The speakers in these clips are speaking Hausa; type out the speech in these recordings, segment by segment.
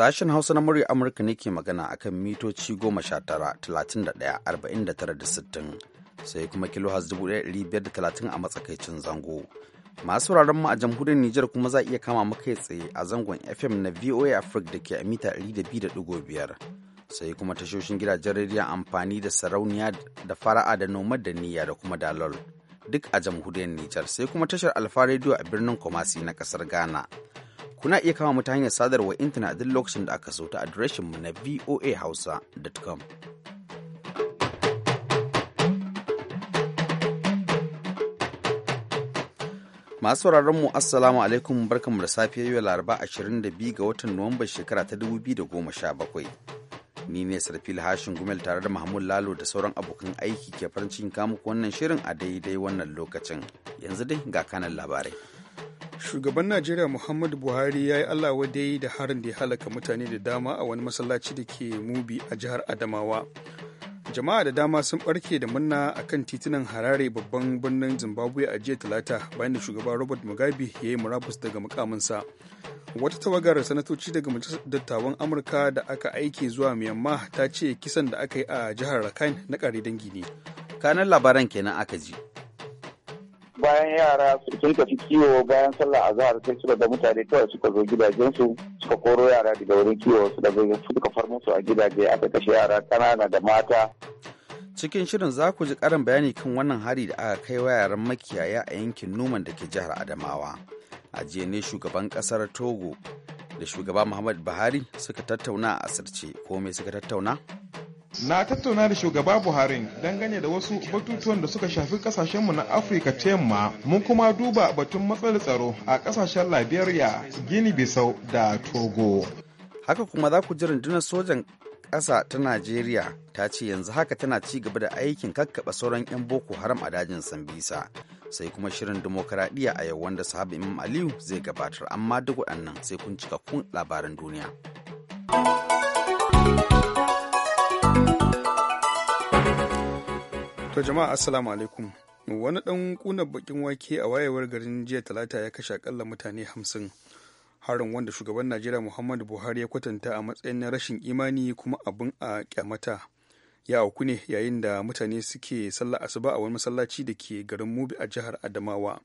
Sashen Hausa na murya Amurka ne ke magana a kan mitoci da tara da sittin sai kuma kilo 1530 a matsakaicin zango. Masu wuraren mu a jamhuriyar Nijar kuma za iya kama mu tsaye a zangon FM na VOA Africa da ke a mita 200.5 sai kuma tashoshin gidajen rediyon amfani da sarauniya da fara'a da nomad da niyya da kuma dalol. duk a jamhuriyar Nijar sai kuma tashar Alfa rediyo a birnin Kumasi na kasar Ghana. Kuna iya kama mu ta hanyar sadarwar intanet a duk lokacin da aka so ta mu na voahausa.com. Masu sauraron mu Assalamu alaikum barkanmu da safiya yau Laraba 22 ga watan Nuwamban shekara ta 2017. Ni ne Sarfil Hashin Gumel tare da Mahmud Lalo da sauran abokan aiki ke farin cikin kamuku wannan shirin a daidai wannan lokacin. Yanzu dai ga kanan labarai. shugaban najeriya muhammadu buhari ya yi allah wadai da harin da ya halaka mutane da dama a wani masallaci da ke mubi a jihar adamawa jama'a da dama sun barke da murna a kan titunan harare babban birnin zimbabwe a jiya talata bayan da shugaban robert mugabe ya yi murabus daga mukaminsa wata tawagar sanatoci daga majalisar dattawan amurka da aka aike zuwa myanmar ta ce kisan da aka yi a jihar rakhine na ƙare dangi ne kanan labaran kenan aka ji bayan yara sun tafi kiwo bayan sallah azhar sai suka da mutane kawai suka zo gidajensu suka koro yara daga wurin kiwo su daga suka far musu a gidaje aka kashe yara kanana da mata cikin shirin za ku ji karin bayani kan wannan hari da aka kai wa yaran makiyaya a yankin numan da ke jihar adamawa a jiya ne shugaban kasar togo da shugaba muhammad buhari suka tattauna a asirce ko me suka tattauna Na tattauna da shugaba Buhari dangane da wasu batutuwan da suka shafi kasashenmu na Afirka ta yamma mun kuma duba batun matsalar tsaro a kasashen Liberia, Guinea Bissau da Togo. Haka kuma za ku ji rundunar sojan ƙasa ta Najeriya ta ce yanzu haka tana ci gaba da aikin kakkaɓa sauran 'yan Boko Haram a dajin Sambisa. Sai kuma shirin dimokuraɗiyya a yau wanda sahabi Imam Aliyu zai gabatar amma duk waɗannan sai kun cika kun labaran duniya. To jama'a assalamu alaikum. Wani dan kunan bakin wake a wayewar garin jiya talata ya kashe akalla mutane hamsin. Harin wanda shugaban Najeriya Muhammadu Buhari ya kwatanta a matsayin na rashin imani kuma abin a kyamata. Ya auku ne yayin da mutane suke sallah asuba a wani masallaci da ke garin Mubi a jihar Adamawa.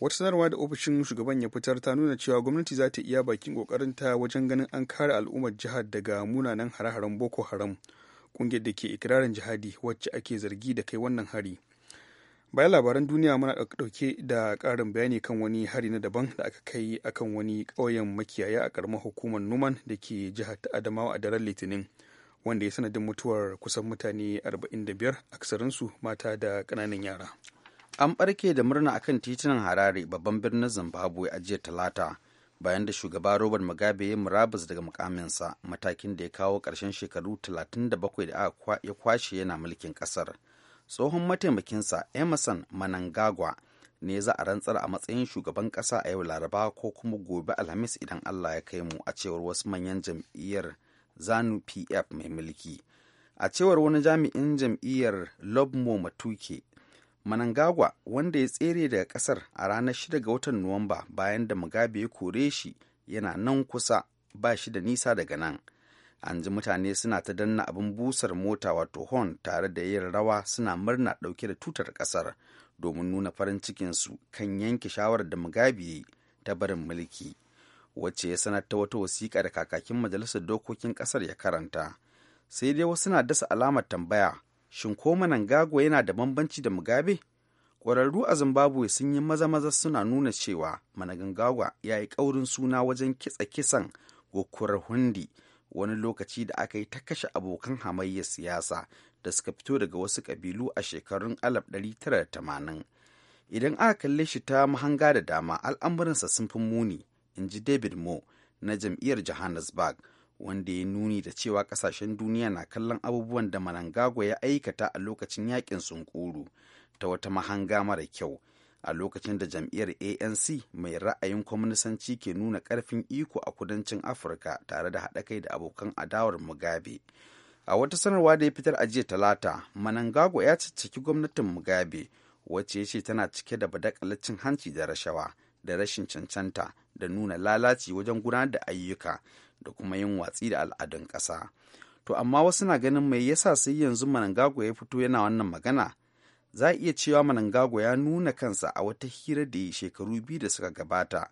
Wata sanarwa da ofishin shugaban ya fitar ta nuna cewa gwamnati za ta iya bakin kokarin ta wajen ganin an kare al'ummar jihar daga munanan hare-haren Boko Haram. kungiyar da ke ikirarin jihadi wacce ake zargi da kai wannan hari bayan labaran duniya muna dauke da ƙarin bayani kan wani hari na daban da aka kai akan wani ƙauyen makiyaya a ƙaramar hukumar numan da ke jihar ta adamawa a daren litinin wanda ya sanadin mutuwar kusan mutane 45 aksarinsu mata da ƙananan yara an ɓarke da murna akan titunan harare babban birnin zimbabwe a jiya talata bayan da shugaba robert mugabe ya murabus daga mukaminsa matakin da ya kawo ƙarshen shekaru 37 da ya kwashe yana mulkin ƙasar tsohon mataimakinsa emerson manangagwa ne za a rantsar a matsayin shugaban ƙasa a yau laraba ko kuma gobe alhamis idan allah ya kai mu a cewar wasu manyan jam'iyyar zanu pf mai mulki a cewar wani jami'in jam'iyyar lobmo matuke Manangagwa wanda ya tsere daga kasar a ranar 6 ga watan Nuwamba bayan da Mugabe ya kore shi yana nan kusa ba shi da nisa daga nan. An ji mutane suna ta danna abin busar mota wato horn tare da yin rawa suna murna ɗauke da tutar ƙasar domin nuna farin cikinsu kan yanke shawarar da Mugabe ta barin mulki. Wace ya sanar ta wata wasiƙa da kakakin majalisar dokokin ƙasar ya karanta. Sai dai wasu na dasa alamar tambaya shin ko Mnangagwa yana da bambanci da Mugabe? Ƙwararru a Zimbabwe sun yi maza-maza suna nuna cewa Mnangagwa ya yi ƙaurin suna wajen kitsa kisan gokurar hundi wani lokaci da aka yi ta kashe abokan hamayyar siyasa da suka fito daga wasu ƙabilu a shekarun 1980. Idan aka kalle shi ta mahanga da dama al'amuransa sun fi muni, in ji David Mo na jam'iyyar Johannesburg. wanda ya nuni da cewa kasashen duniya na kallon abubuwan da Manangagwa ya aikata a lokacin yakin sunkuru ta wata mahanga mara kyau a lokacin da jam'iyyar ANC mai ra'ayin kwamnisanci ke nuna karfin iko a kudancin Afirka tare da haɗa kai da abokan adawar Mugabe. A wata sanarwa da ya fitar a jiya Talata, Manangago ya cicciki gwamnatin Mugabe wacce ya ce tana cike da badakalacin hanci da rashawa da rashin cancanta da nuna lalaci wajen gudanar da ayyuka da kuma yin watsi da al'adun ƙasa to amma wasu na ganin mai yasa sai yanzu manangago ya fito yana wannan magana za a iya cewa manangago ya nuna kansa a wata hira da ya shekaru biyu da suka gabata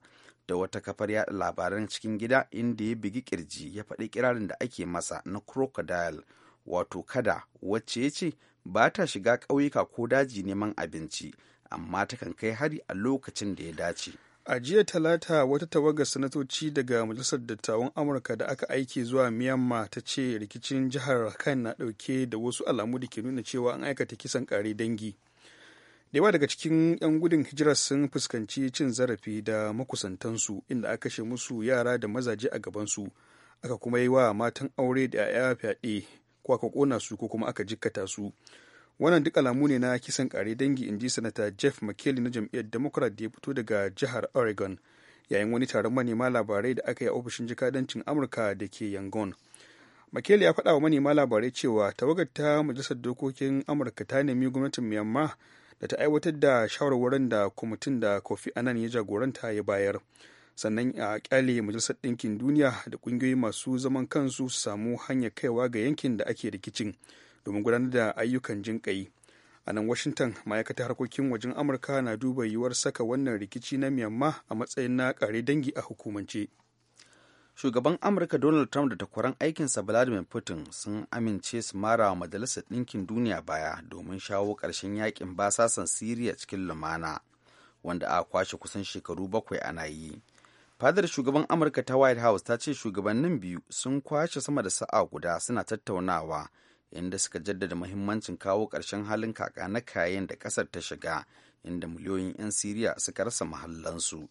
da wata kafar yada labaran cikin gida inda ya bigi kirji ya faɗi kirarin da ake masa na crocodile wato kada wacce ya ce ba ta shiga ƙauyuka ko daji neman abinci amma takan kai hari a lokacin da ya dace. a jiya talata wata tawagar sanatoci daga majalisar dattawan amurka da aka aiki zuwa myanmar ta ce rikicin jihar rakhine na dauke da wasu alamu da ke nuna cewa an aikata kisan kare dangi da yawa daga cikin 'yan gudun hijirar sun fuskanci cin zarafi da makusantansu inda aka kashe musu yara da mazaje a gabansu aka kuma yi wa matan aure da 'ya'ya fyaɗe ko aka ƙona su ko kuma aka jikkata su wannan duk alamu ne na kisan kare dangi in sanata jeff mckelly na jam'iyyar democrat da ya fito daga jihar oregon yayin wani taron manema labarai da aka yi a ofishin jikadancin amurka da ke yangon mckelly ya faɗa wa manema labarai cewa tawagar ta majalisar dokokin amurka ta nemi gwamnatin myanmar da ta aiwatar da shawarwarin da kwamitin da kofi anan ya jagoranta ya bayar sannan a kyale majalisar ɗinkin duniya da ƙungiyoyi masu zaman kansu su samu hanyar kaiwa ga yankin da ake rikicin domin gudanar da ayyukan jinƙai a nan washington ma'aikatar harkokin wajen amurka na duba yiwuwar saka wannan rikici na miyamma a matsayin na kare dangi a hukumance shugaban amurka donald trump da takwaran aikinsa vladimir putin sun amince su mara wa majalisar ɗinkin duniya baya domin shawo ƙarshen yakin basasan siriya cikin lumana wanda a kwashe kusan shekaru bakwai ana yi fadar shugaban amurka ta white house ta ce shugabannin biyu sun kwashe sama da sa'a guda suna tattaunawa inda suka jaddada mahimmancin kawo ƙarshen halin kaka na kayan da ƙasar ta shiga inda miliyoyin 'yan siriya suka rasa mahallansu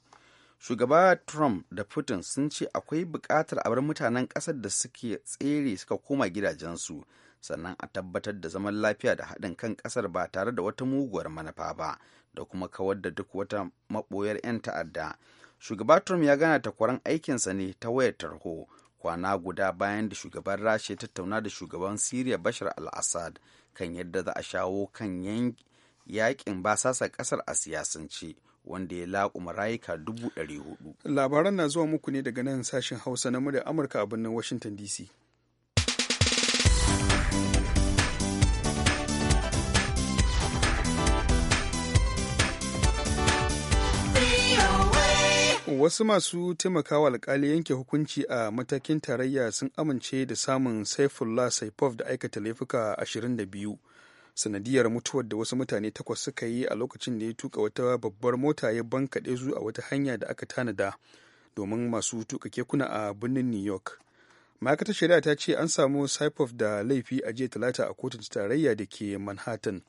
shugaba trump da putin sun ce akwai buƙatar a bar mutanen ƙasar da suke tsere suka koma gidajensu sannan a tabbatar da zaman lafiya da haɗin kan ƙasar ba tare da wata muguwar manufa ba da kuma kawar da duk wata maɓoyar 'yan ta'adda shugaba trump ya gana takwaran aikinsa ne ta wayar tarho kwana guda bayan da shugaban rasha tattauna da shugaban siriya bashar al-assad kan yadda za a shawo kan yakin basasa kasar a siyasance wanda ya laƙuma rayuka dubu ɗari hudu. labaran na zuwa muku ne daga nan sashen hausa na murya amurka a birnin washington dc wasu masu taimakawa alkali yanke hukunci a matakin tarayya sun amince da samun saifullah saifov da aikata laifuka 22 sanadiyar mutuwar da wasu mutane takwas suka yi a lokacin da ya tuka wata babbar mota ya bankaɗe su a wata hanya da aka tanada domin masu tuka kekuna a birnin new york ma'aikatar shari'a ta ce an samu saipov da laifi a jiya talata a kotun tarayya da ke manhattan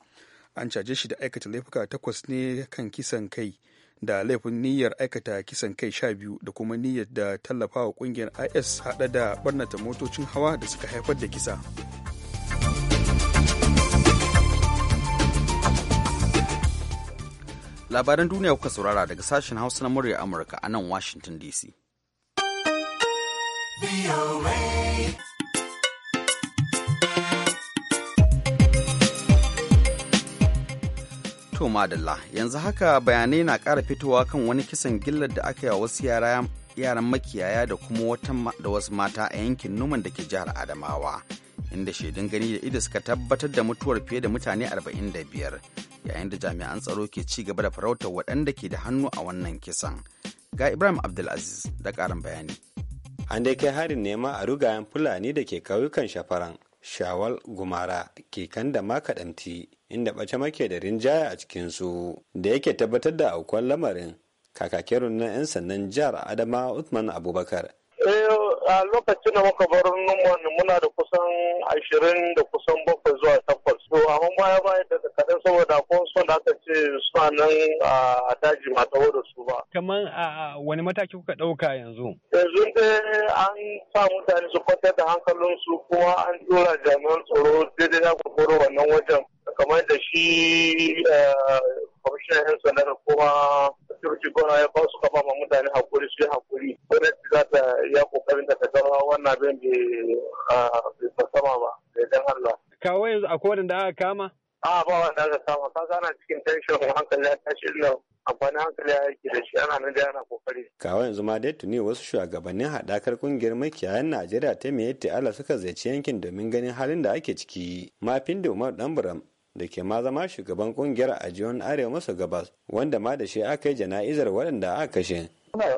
an caje shi da aikata laifuka takwas ne kan kisan kai da laifin niyyar aikata kisan kai sha biyu da kuma niyyar da tallafawa kungiyar is hada da barnata motocin hawa da suka haifar da kisa labaran duniya kuka saurara daga sashen hausa na murya amurka a nan washington dc To madalla yanzu haka bayanai na kara fitowa kan wani kisan gillar da aka yi wa wasu yara yaran makiyaya da kuma wata da wasu mata a yankin numan da ke jihar Adamawa. Inda shaidun gani da ido suka tabbatar da mutuwar fiye da mutane 45 yayin da jami'an tsaro ke ci gaba da farautar waɗanda ke da hannu a wannan kisan. Ga Ibrahim Abdulaziz da karin bayani. An dai kai harin nema a rugayen Fulani da ke kauyukan Shafaran, Shawal, Gumara, ke kan da Makaɗamti. inda ɓace make da rinjaya a cikin su da yake tabbatar da aukuwar lamarin kakakin na 'yan sannan jihar adama Usman, Abubakar. Eh, a lokacin da muka bar numan muna da kusan ashirin da kusan bakwai zuwa takwas. To amma baya baya da kaɗan saboda ko son da aka ce suna nan a daji ma da su ba. Kaman a wani mataki kuka ɗauka yanzu? Yanzu da an sa mutane su kwantar da hankalinsu kuma an tura jami'an tsaro daidai na kwakwaro wannan wajen kamar da shi eh, kwamishinan yan sanda da kuma asibiti gona ya basu su kama ma mutane hakuri su yi hakuri gwamnati za ta ya kokarin da ta gama wannan abin bai ah, sama ba da idan Allah. Kawo yanzu akwai wadanda aka kama? A ba wanda aka kama ka gana cikin tension hankali ya tashi ina amfani hankali ya yake da shi ana nan da yana kokari. Kawo yanzu ma dai tuni wasu shugabannin haɗakar ƙungiyar makiyayan Najeriya ta mai yadda Allah suka ziyarci yankin domin ganin halin da ake ciki. Mafin da Umar Ɗanburam da ke ma zama shugaban kungiyar ajiyon arewa masa gabas wanda ma da shi aka yi jana'izar waɗanda aka kashe.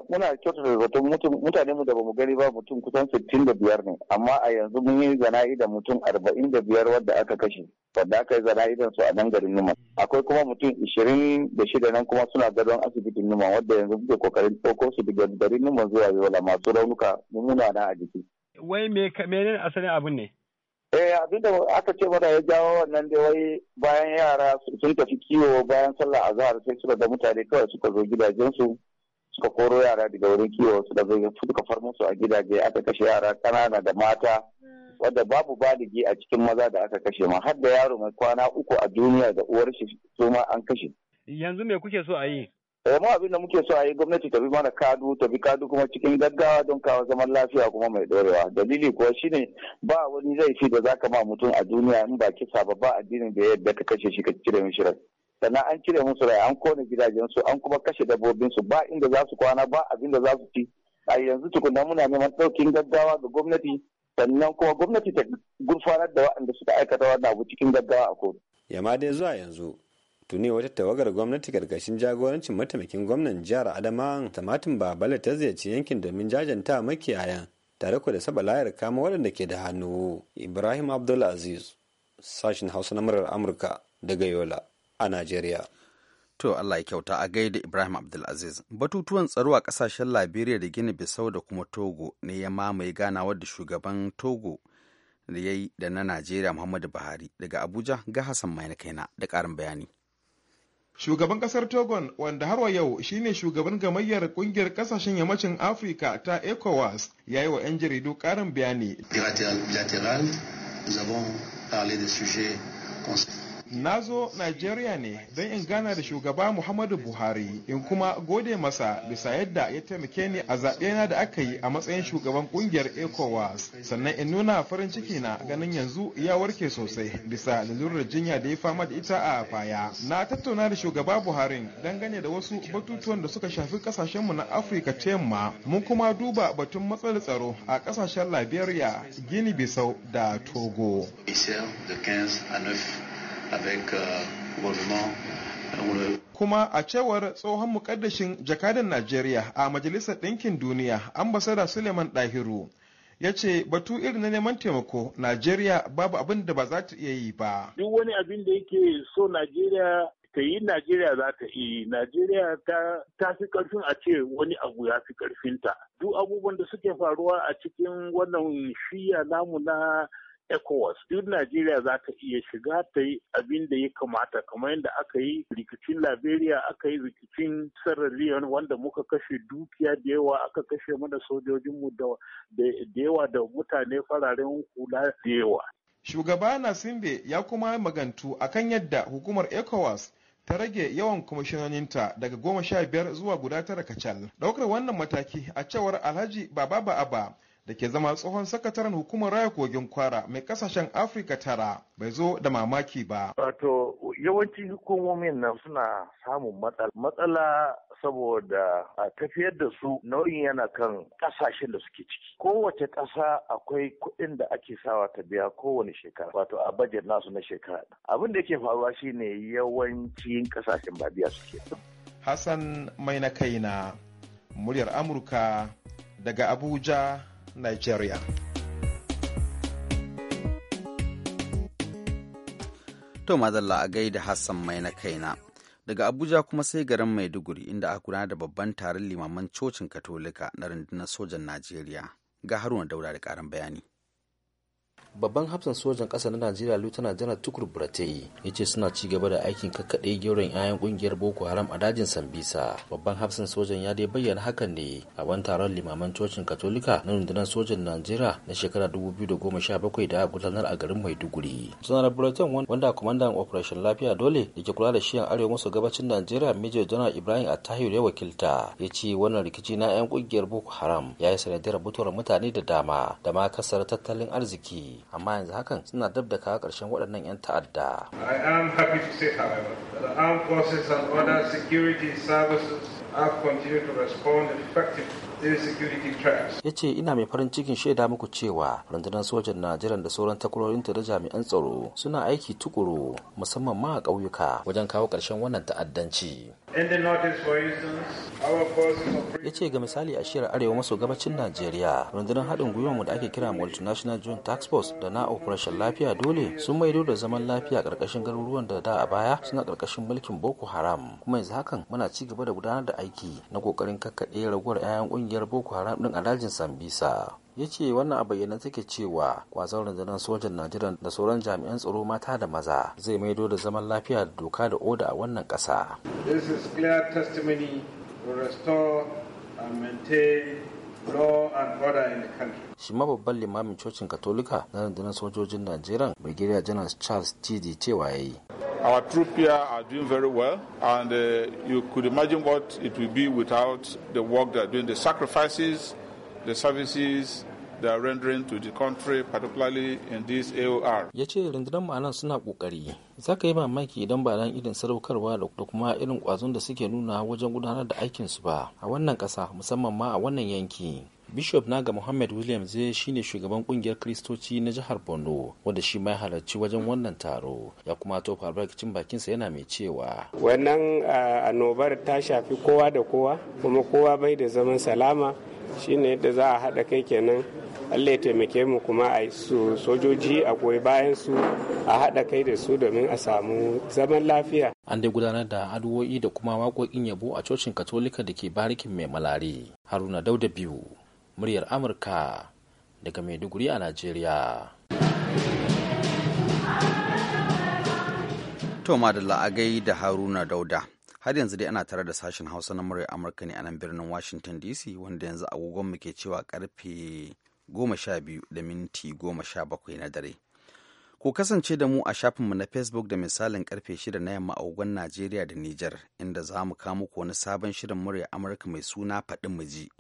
muna kyautata zaton mutane mu da bamu gani ba mutum kusan sittin da biyar ne amma a yanzu mun yi zana'i da mutum arba'in da biyar wadda aka kashe wadda aka yi zana'i su a nan garin numan akwai kuma mutum ishirin da shida nan kuma suna gadon asibitin numan wadda yanzu muke kokarin ɗauko su daga garin numan zuwa yola masu raunuka mummuna na a jiki. wai menene asalin abin ne. Eh abinda aka ce mana ya jawo wannan da wai bayan yara sun tafi kiwo bayan sallah azhar sai suka da mutane kawai suka zo gidajensu suka koro yara daga wurin kiwo suka zo suka far musu a gidaje aka kashe yara kanana da mata wadda babu baligi a cikin maza da aka kashe ma har da yaro mai kwana uku a duniya da uwar shi su ma an kashe. Yanzu me kuke so a yi? Eh, mu abin da muke so a yi gwamnati ta bi mana kadu ta bi kadu kuma cikin gaggawa don kawo zaman lafiya kuma mai dorewa dalili kuwa shine ba wani zai fi da zaka ma mutum a duniya in ba kisa ba ba addinin da yadda ka kashe shi ka cire mishi rai sannan an cire musu rai an kone gidajensu an kuma kashe dabbobinsu ba inda za su kwana ba abin da za su ci a yanzu tukuna muna neman ɗaukin gaggawa ga gwamnati sannan kuma gwamnati ta gurfanar da waɗanda suka aikata wannan abu cikin gaggawa a kotu. yamma dai zuwa yanzu tuni wata tawagar gwamnati karkashin jagorancin mataimakin gwamnan jihar adama tamatin babala ta ziyarci yankin domin jajanta makiyayan tare ku da saba layar kama waɗanda ke da hannu ibrahim abdulaziz sashen hausa na murar amurka daga yola a nigeria. To Allah ya kyauta a gaida Ibrahim Abdulaziz. Batutuwan tsaro a kasashen Liberia da Gini bisau da kuma Togo ne ya mamaye ganawar da shugaban Togo da ya yi da na nigeria Muhammadu Buhari daga Abuja ga Hassan Mai na kaina da karin bayani. Shugaban kasar Togon wanda har wa yau shine shugaban gamayyar kungiyar kasashen yammacin Afirka ta ECOWAS ya yi wa 'yan jaridu karin bayani. na zo Najeriya ne don in gana da shugaba Muhammadu Buhari in kuma gode masa bisa yadda ya taimake ni a zaɓe na da aka yi a matsayin shugaban kungiyar ECOWAS sannan in nuna farin ciki na ganin yanzu ya warke sosai bisa lalurar jinya da ya fama da ita a baya. Na tattauna da shugaba Buhari gane da wasu batutuwan da suka shafi kasashenmu na Afirka ta yamma mun kuma duba batun matsalar tsaro a kasashen Liberia, Guinea-Bissau da Togo. Euh, euh, kuma a cewar tsohon mukaddashin jakadan najeriya a majalisar ɗinkin duniya ambasada suleiman ɗahiru ya ce batu irin na neman taimako najeriya babu abin da ba za ta iya yi ba duk wani abin da yake so najeriya ta yi najeriya za ta yi najeriya ta fi karfin a ce wani abu ya fi karfinta duk abubuwan da suke faruwa a cikin wannan shiya namu na ECOWAS duk Najeriya za ta iya shiga ta yi abin da ya kamata kamar yadda aka yi rikicin Liberia aka yi rikicin Sierra Leone wanda muka kashe dukiya da yawa aka kashe mana sojojinmu da yawa da mutane fararen hula da yawa. Shugaba Nasimbe ya kuma magantu akan yadda hukumar ECOWAS ta rage yawan kwamishinaninta daga goma sha biyar zuwa guda tara kacal. Ɗaukar wannan mataki a cewar Alhaji Baba Ba'aba da ke zama tsohon sakataren hukumar raya kogin kwara mai kasashen afirka tara bai zo da mamaki ba wato yawanci hukumomin nan suna samun matsala matsala saboda a tafiyar da su nauyin yana kan kasashen da suke ciki kowace ƙasa akwai kuɗin da ake sawa ta biya kowane shekara wato a bajet nasu na shekara abin da yake faruwa shine yawancin kasashen ba biya suke hassan mai na kaina muryar amurka daga abuja Nigeria. To madalla a gaida Hassan mai na kaina. Daga Abuja kuma sai garin Maiduguri inda aka gudanar da babban taron limaman cocin Katolika na rundunar sojan Najeriya. Ga Haruna Dauda da ƙarin bayani. babban hafsan sojan ƙasa na najeriya lieutenant janar tukur buratai ya ce suna ci gaba da aikin kakkaɗe gyauran 'ya'yan ƙungiyar boko haram a dajin sambisa babban hafsan sojan ya dai bayyana hakan ne a wani taron limaman cocin katolika na rundunar sojan najeriya na shekarar 2017 da goma sha bakwai da gudanar a garin maiduguri sanar buratai wanda kwamandan operation lafiya dole da ke kula da shiyan arewa maso gabacin najeriya major janar ibrahim attahiru ya wakilta ya ce wannan rikici na yayan ƙungiyar boko haram ya yi sanadiyar mutuwar mutane da dama da ma kasar tattalin arziki amma yanzu hakan suna dab da kawo ƙarshen waɗannan 'yan ta'adda. I am happy to say however that the armed forces and other security services have continued to respond effectively ya ce ina mai farin cikin shaida muku cewa rundunar sojan najeriya da sauran takwarorinta da jami'an tsaro suna aiki tukuru musamman ma a ƙauyuka wajen kawo ƙarshen wannan ta'addanci ya ce ga misali a shirar arewa maso gabacin najeriya rundunar haɗin gwiwarmu da ake kira multinational joint tax force da na operation lafiya dole sun maido da zaman lafiya ƙarƙashin garuruwan da da a baya suna ƙarƙashin mulkin boko haram kuma yanzu hakan muna ci gaba da gudanar da aiki na ƙoƙarin kakkaɗe raguwar 'ya'yan ƙungiyar kungiyar boko haram din alhaji sambisa ya ce wannan a bayyana take cewa kwazon rundunar sojan najeriya da sauran jami'an tsaro mata da maza zai maido da zaman lafiya da doka da oda a wannan ƙasa. this shi ma babban limamin cocin katolika na rundunar sojojin najeriya brigadier janar charles td cewa ya yi Our troops here are doing very well, and uh, you could imagine what it will be without the work they are doing, the sacrifices, the services they are rendering to the country, particularly in this AOR. Ya ce rundunar ma'anan suna kokari. Za ka yi mamaki idan ba nan irin sadaukarwa da kuma irin kwazon da suke nuna wajen gudanar da aikinsu ba a wannan kasa musamman ma a wannan yanki. bishop naga muhammad william zai eh, shine shugaban kungiyar kristoci na jihar borno wanda shi ma ya halarci wajen wannan taro ya kuma to albarkacin bakinsa yana mai cewa wannan annobar ta shafi kowa da kowa kuma kowa bai da zaman salama shine yadda za a haɗa kai kenan allah ya taimake mu kuma a su sojoji a goyi bayan su a haɗa kai da su domin a samu zaman lafiya an dai gudanar da addu'o'i da kuma waƙoƙin yabo a cocin katolika da ke barikin mai malari haruna dauda biyu muryar amurka daga maiduguri a nigeria. to madalla a da haruna dauda har yanzu dai ana tare da sashen hausa na muryar amurka ne a nan birnin washington dc wanda yanzu agogon mu ke cewa karfe goma da minti goma na dare ku kasance da mu a shafinmu na facebook da misalin karfe 6 na yamma agogon najeriya da niger inda za mu kawo muku wani sabon shirin muryar amurka mai suna faɗin mu ji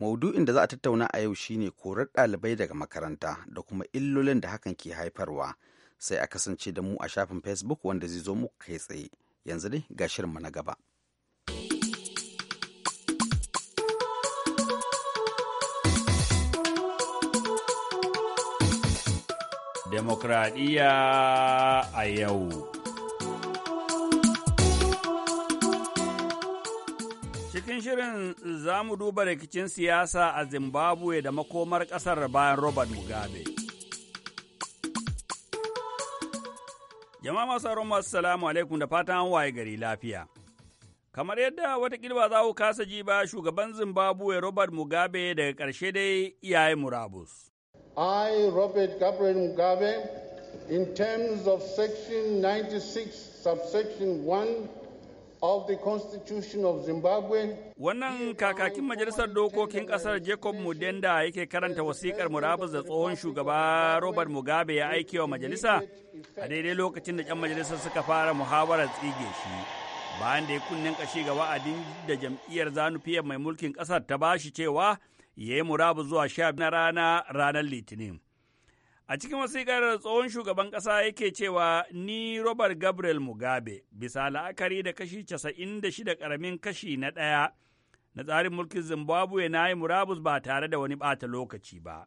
Maudu'in da za a tattauna a yau shine korar ɗalibai daga makaranta da kuma illolin da hakan ke haifarwa. Sai a kasance da mu a shafin Facebook wanda zai zo muku kai tsaye. Yanzu dai ga mu na gaba. Demokradiyya a yau. Cikin shirin za mu duba rikicin siyasa a Zimbabwe da makomar ƙasar bayan Robert Mugabe. Jama'a masu roma salamu alaikum da fatan waye gari lafiya. Kamar yadda watakila ba za ku kasa ji ba shugaban Zimbabwe Robert Mugabe daga ƙarshe dai iyaye murabus. I, Robert Gabriel Mugabe, in terms of Section 96, subsection 1 of the Constitution of Zimbabwe. Wannan kakakin Majalisar Dokokin Ƙasar Jacob Mudenda yake karanta wasikar murabus da tsohon shugaba Robert Mugabe ya aike wa majalisa a daidai lokacin da 'yan majalisar suka fara muhawarar tsige shi. Bayan da ya kunnen kashi ga wa'adin da jam'iyyar zanu mai mulkin ƙasar ta bashi cewa ya yi murabus zuwa sha na rana ranar Litinin. A cikin da tsohon shugaban ƙasa yake cewa ni Robert Gabriel Mugabe bisa la'akari da kashi casa'in da shida ƙaramin kashi na ɗaya na tsarin mulkin Zimbabwe na yi murabus ba tare da wani bata lokaci ba.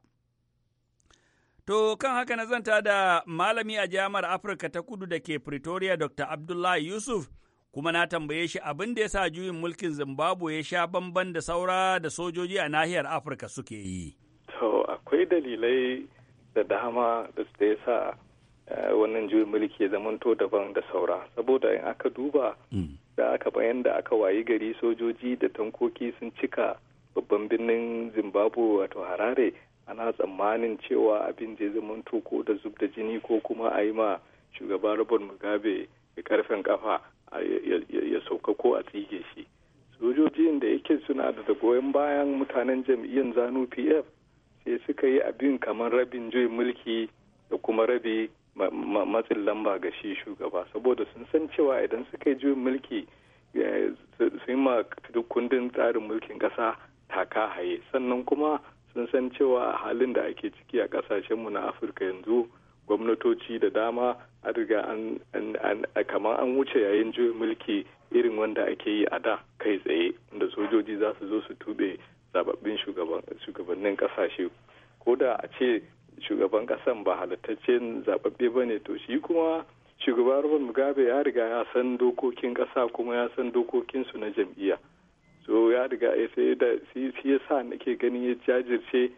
To kan haka na zanta da malami a jami'ar Afirka ta kudu da ke Pretoria Dr. Abdullahi Yusuf kuma na tambaye shi abin da ya sa juyin mulkin Zimbabwe ya sha bamban da saura da sojoji a nahiyar Afirka suke yi. To akwai dalilai da dama da ya sa eh, wannan juyin mulki zamanto daban da saura saboda in aka duba mm. da aka bayan da aka wayi gari sojoji da tankoki sun cika babban birnin zimbabwe wato harare ana tsammanin cewa abin zai zamanto ko da zub da jini ko kuma a yi ma shugaba robert mugabe da karfin kafa ya sauka ko a tsige shi sojojin da yake suna da goyon bayan mutanen jam'iyyar zanu pf sai suka yi abin kamar rabin joy mulki da kuma rabi matsin lamba ga shi shugaba saboda sun san cewa idan suka yi joy mulki eh, sun ma duk kundin tsarin mulkin kasa taka haye sannan kuma sun san cewa a halin da ake ciki a kasashenmu na afirka yanzu gwamnatoci da dama a riga kamar an wuce yayin joy mulki irin wanda ake yi a da kai tsaye da sojoji za su zo su tube zababbin shugabannin kasashe ko da a ce shugaban kasan ba halittaccen zababbe ba ne to shi kuma shugaban robert mugabe ya riga ya san dokokin kasa kuma ya san dokokinsu na jam'iyya so ya riga ya sai da shi ya sa nake ganin ya jajirce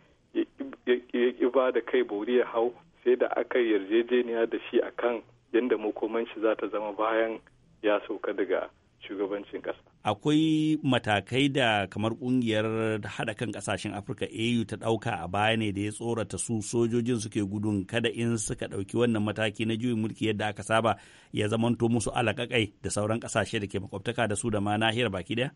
ya ba da kai bori ya hau sai da aka yarjejeniya da shi akan yadda makomanci za ta zama bayan ya sauka daga shugabancin ƙasa. Akwai matakai da kamar ƙungiyar haɗa kan kasashen Afirka AU ta ɗauka a baya ne da ya tsorata su sojojin suke gudun kada in suka ɗauki wannan mataki na juyin mulki yadda aka saba ya zamanto musu alaƙaƙai da sauran ƙasashe da ke makwabtaka da su da ma nahiyar baki ɗaya?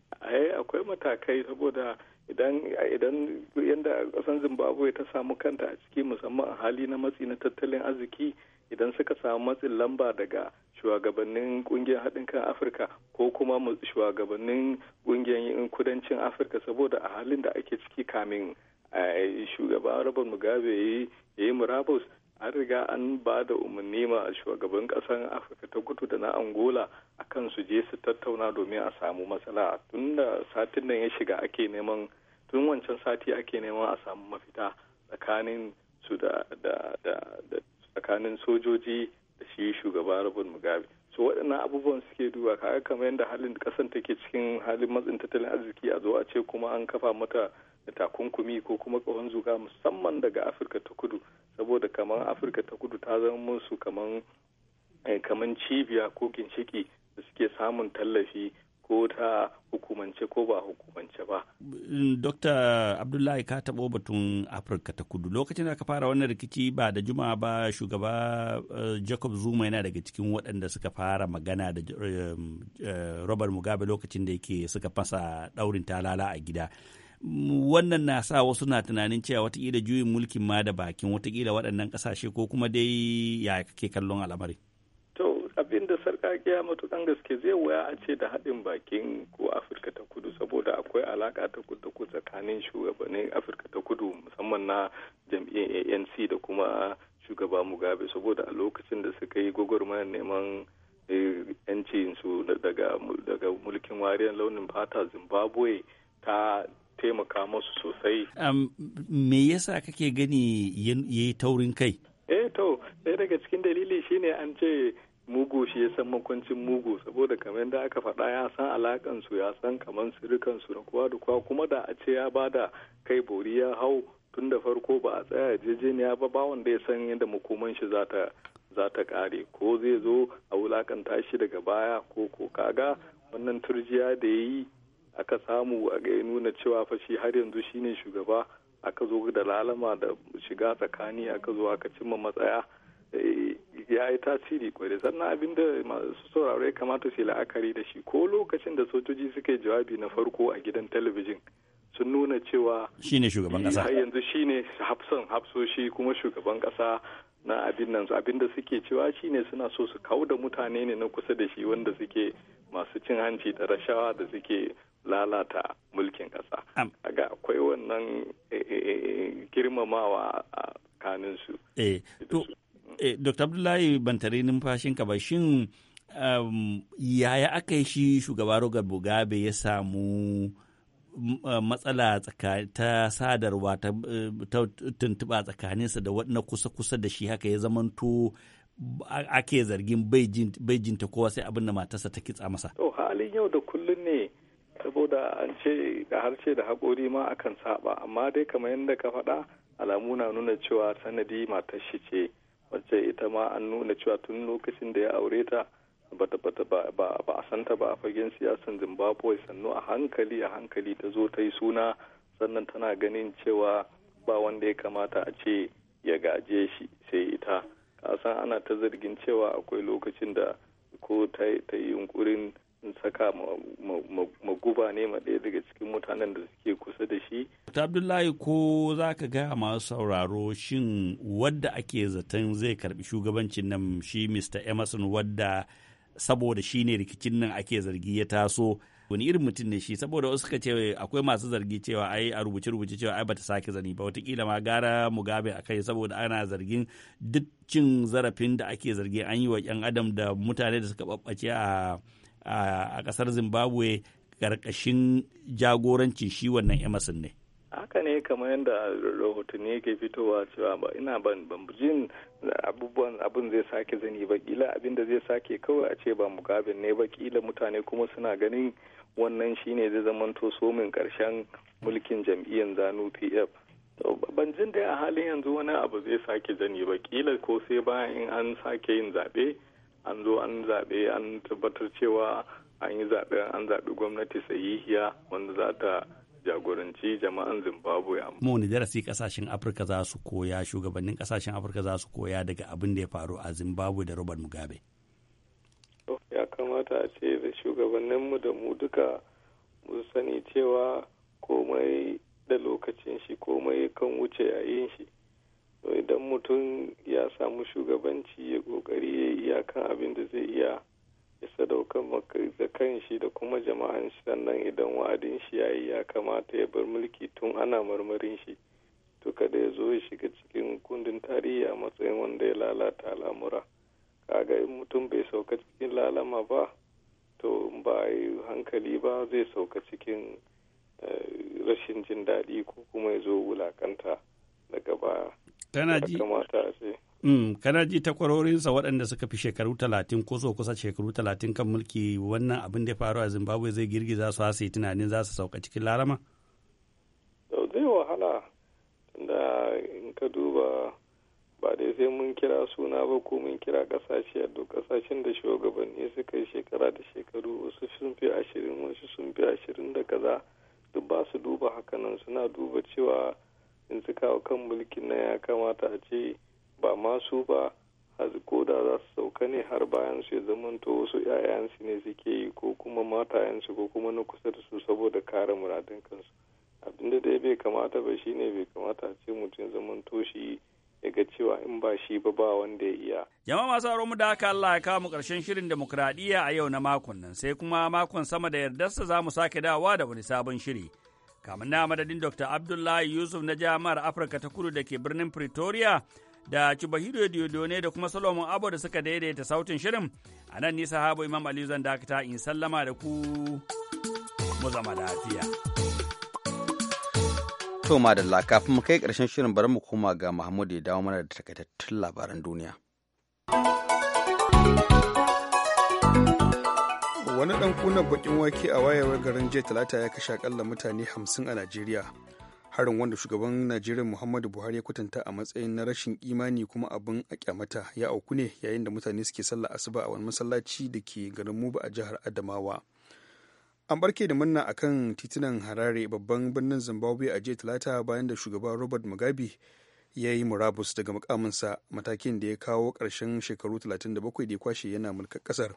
akwai matakai saboda idan idan yadda ƙasar Zimbabwe ta samu kanta a ciki musamman a hali na matsi na tattalin arziki idan suka samu matsin lamba daga shugabannin kungiyar haɗin kan afirka ko kuma shugabannin kungiyar kudancin afirka saboda a halin da ake ciki kamin a eh, shugaba robert mugabe ya yi murabus an riga an ba da umarni ma shugaban ƙasar afirka ta kudu da na angola a kan su je su tattauna domin a samu matsala tun da satin nan ya shiga ake neman tun wancan sati ake neman a samu mafita tsakanin su da tsakanin sojoji da shi shugaba Robert Mugabe. So waɗannan abubuwan suke duba kaga kamar yadda halin ƙasar take cikin halin matsin tattalin arziki a zo a ce kuma an kafa mata da takunkumi ko kuma ƙahon zuga musamman daga Afirka ta kudu saboda kamar Afirka ta kudu ta zama musu kamar eh, cibiya ko ginshiki da suke samun tallafi ko ta hukumance ko ba hukumance ba. Mm, Dokta Abdullahi ka taɓo batun Afirka ta kudu lokacin da aka fara wannan rikici ba da juma ba shugaba eh, Jacob Zuma yana daga cikin waɗanda suka fara magana da um, eh, Robert Mugabe lokacin da yake suka fasa ɗaurin talala a gida. Mm, wannan na sa wasu na tunanin cewa watakila juyin mulkin ma da bakin watakila waɗannan ƙasashe ko kuma dai ya kake kallon al'amari. sarƙaƙiya matukan gaske zai waya a ce da haɗin bakin ko afirka ta kudu saboda akwai alaka ta kudu ku tsakanin shugabannin afirka ta kudu musamman na jam'iyyar anc da kuma shugaba mugabe saboda a lokacin da suka yi gwagwarmayar neman yancin eh, su daga mulkin wariyar launin fata zimbabwe ta taimaka masu sosai. me yasa kake gani ya taurin kai? eh to ɗaya daga cikin dalili shine an ce mugu shi ya san makwancin mugu saboda kamar yadda aka faɗa ya san alakansu ya san kamar sirikansu da kowa da kowa kuma da a ce ya bada kai bori ya hau tun da farko ba a tsaya yarjejeniya ba ba wanda ya san yadda makoman shi za ta za kare ko zai zo a wulakanta shi daga baya ko ko kaga wannan turjiya da ya yi aka samu a ga nuna cewa fa shi har yanzu shine shugaba aka zo da lalama da shiga tsakani aka zo aka cimma matsaya eh, ya yi tasiri kwarai sannan abin da masu sauraro ya kamata su yi la'akari da shi ko lokacin da sojoji suke jawabi na farko a gidan talabijin sun nuna cewa ne shugaban kasa har yanzu shine hafsan hafsoshi kuma shugaban kasa na abin nan abin da suke cewa shi ne suna so su kawo da mutane ne na kusa da shi wanda suke masu cin hanci da rashawa da suke lalata mulkin kasa ga akwai wannan eh, eh, eh, girmamawa a su. Eh, Dr. Abdullahi bantare numfashinka ba shin um, yaya aka yi shi shugaba Roger bugabe ya samu mm, eh, matsala ta sadarwa eh, ta tuntuɓa tsakaninsa da na kusa-kusa da shi haka ya zamanto ake zargin bai jinta kowa sai abin da matarsa ta kitsa masa. To halin yau da kullun ne saboda an ce da harshe da haƙori ma akan saba amma dai kamar yadda ka faɗa alamu na nuna cewa sanadi matar shi ce wacce ita ma an nuna cewa tun lokacin da ya aure ta ba a santa ba a fagen siyasan zimbabwe sannu a hankali a hankali ta zo ta yi suna sannan tana ganin cewa ba wanda ya kamata a ce ya gaje shi sai ita kasan ana ta zargin cewa akwai lokacin da ko ta yi yunkurin saka maguba ne ma ɗaya daga cikin mutanen da suke kusa da shi. Abdullahi ko za ka gaya masu sauraro shin wadda ake zaton zai karbi shugabancin nan shi Mr. Emerson wadda saboda shi ne rikicin nan ake zargi ya taso wani irin mutum ne shi saboda wasu suka ce akwai masu zargi cewa ai a rubuce rubuce cewa ai bata sake zani ba watakila ma gara mu gabe a kai saboda ana zargin duk cin zarafin da ake zargi an yi wa yan adam da mutane da suka babbace a a ƙasar zimbabwe karkashin jagorancin shi wannan emerson ne haka ne kamar yadda rahotanni yake fitowa cewa ba ina ban jin abubuwan abin zai sake zani ba kila abin da zai sake kawai a ce ba mugabe ne ba kila mutane kuma suna ganin wannan shine zai zamanto somin karshen mulkin jam'iyyar zanu pf ban jin dai a halin yanzu wani abu zai sake zani ba kila ko sai bayan in an sake yin zaɓe an zo an zaɓe an tabbatar cewa an yi zaɓe an zaɓi gwamnati sahihiya wanda za ta jagoranci jama'an zimbabwe mu wani darasi kasashen afirka za su koya shugabannin kasashen afirka za su koya daga abin da ya faru a zimbabwe da robert mugabe ya kamata a ce da shugabanninmu da mu duka mu sani cewa komai da lokacin shi komai kan wuce yayin shi so idan mutum ya samu shugabanci ya kokari ya iya kan abin da zai iya ya sadaukar da kan shi da kuma jama'an shi sannan idan wa'adin shi ya yi ya kamata ya bar mulki tun ana marmarin shi to kada ya zo ya shiga cikin kundin tarihi a matsayin wanda ya lalata al'amura kaga in mutum bai sauka cikin lalama ba to ba yi hankali ba zai sauka cikin eh, rashin jin daɗi ko kuma ya zo wulakanta daga baya kana ji Mm, kana ji takwarorinsa waɗanda suka fi shekaru talatin ko so kusa shekaru talatin kan mulki wannan abin da ya faru a zimbabwe zai girgiza su hasa yi tunanin za su sauka cikin larama? zai wahala da in ka duba ba dai sai mun kira suna ba ko mun kira kasashe duk kasashen da shugabanni suka yi shekara da shekaru wasu sun fi ashirin wasu sun fi ashirin da kaza duk ba su duba hakanan suna duba cewa in su kawo kan mulkin nan ya kamata a ce ba masu ba ko da za su sauka ne har bayan su ya zamanto wasu 'ya'yansu ne suke yi ko kuma matayensu ko kuma na kusa da su saboda kare muradin kansu abinda da bai kamata ba shine bai kamata a ce mutum zamanto shi ya ga cewa in ba shi ba ba wanda ya iya. Jama'a masu mu da haka Allah ya kawo mu karshen shirin demokradiyya a yau na makon nan sai kuma makon sama da yardarsa za mu sake dawa da wani sabon shiri. Kamun na madadin Dr. Abdullahi Yusuf na jami'ar Afirka ta kudu da ke birnin Pretoria da Chubahiro Diodone da kuma Solomon Abo da suka daidaita sautin shirin. A nan nisa habu Imam Ali zan dakata in sallama da ku mu zama lafiya. To madalla kafin mu kai ƙarshen shirin bari mu koma ga Mahmud ya dawo mana da takaitattun labaran duniya. wani dan kunan bakin wake a wayewar garin jiya talata ya kashe akalla mutane 50 a najeriya harin wanda shugaban najeriya muhammadu buhari ya kwatanta a matsayin na rashin imani kuma abin a kyamata ya auku ne yayin da mutane suke sallah asuba a wani masallaci da ke garin muba a jihar adamawa an barke da murna kan titunan harare babban birnin zimbabwe a jiya talata bayan da shugaban robert mugabe ya yi murabus daga mukaminsa matakin da ya kawo ƙarshen shekaru 37 da ya kwashe yana mulkar kasar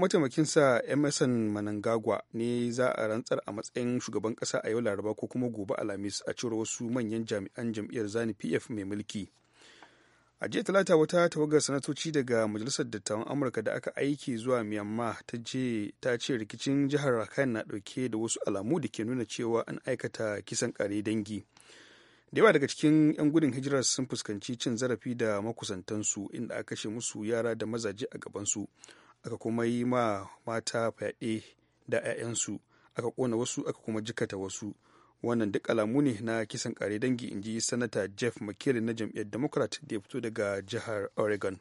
mataimakin sa emerson manangagwa ne za a rantsar a matsayin shugaban kasa a yau laraba ko kuma gobe alhamis a cewar wasu manyan jami'an jam'iyyar zani pf mai mulki a jiya talata wata tawagar sanatoci daga majalisar dattawan amurka da aka aiki zuwa myanmar ta ce rikicin jihar rakhine na dauke da wasu alamu da ke nuna cewa an aikata kisan kare dangi da yawa daga cikin 'yan gudun hijirar sun fuskanci cin zarafi da makusantansu inda aka kashe musu yara da mazaje a gabansu aka kuma yi ma mata fyaɗe da 'ya'yansu aka kona wasu aka kuma jikata wasu wannan duk alamu ne na kisan kare dangi inji sanata jeff mckinley na jam'iyyar democrat da ya fito daga jihar oregon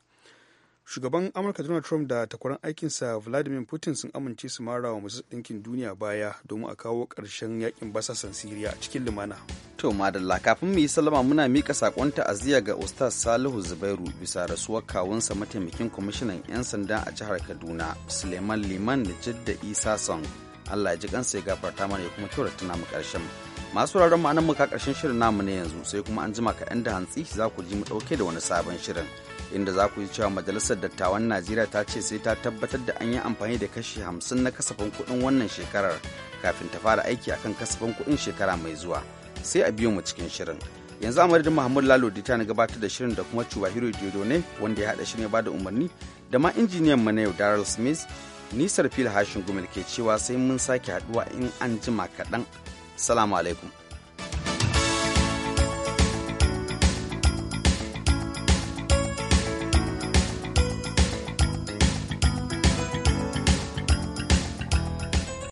shugaban amurka donald trump da takwaran aikinsa vladimir putin sun amince su mara wa masu ɗinkin duniya baya domin a kawo ƙarshen yakin basasan siriya a cikin lumana to madalla kafin mu yi salama muna mika sakon ta'aziyya ga ustaz salihu zubairu bisa rasuwar kawunsa mataimakin kwamishinan 'yan sanda a jihar kaduna suleiman liman da jidda isa son allah ya ji kansa ya gafarta mana ya kuma tana mu ƙarshen masu wuraren ma'anar muka ƙarshen shirin namu ne yanzu sai kuma an jima ka 'yan da hantsi za ku ji mu ɗauke da wani sabon shirin inda za ku yi cewa majalisar dattawan najeriya ta ce sai ta tabbatar da an yi amfani da kashi hamsin na kasafin kuɗin wannan shekarar kafin ta fara aiki akan kasafin kuɗin shekara mai zuwa sai a biyo mu cikin shirin yanzu a madadin muhammadu lalo ta na gabatar da shirin da kuma cuba hiro ne wanda ya haɗa shirin ya bada umarni da ma injiniyan mu na yau daryl smith nisar fil hashin gumil ke cewa sai mun sake haɗuwa in an jima kaɗan salamu alaikum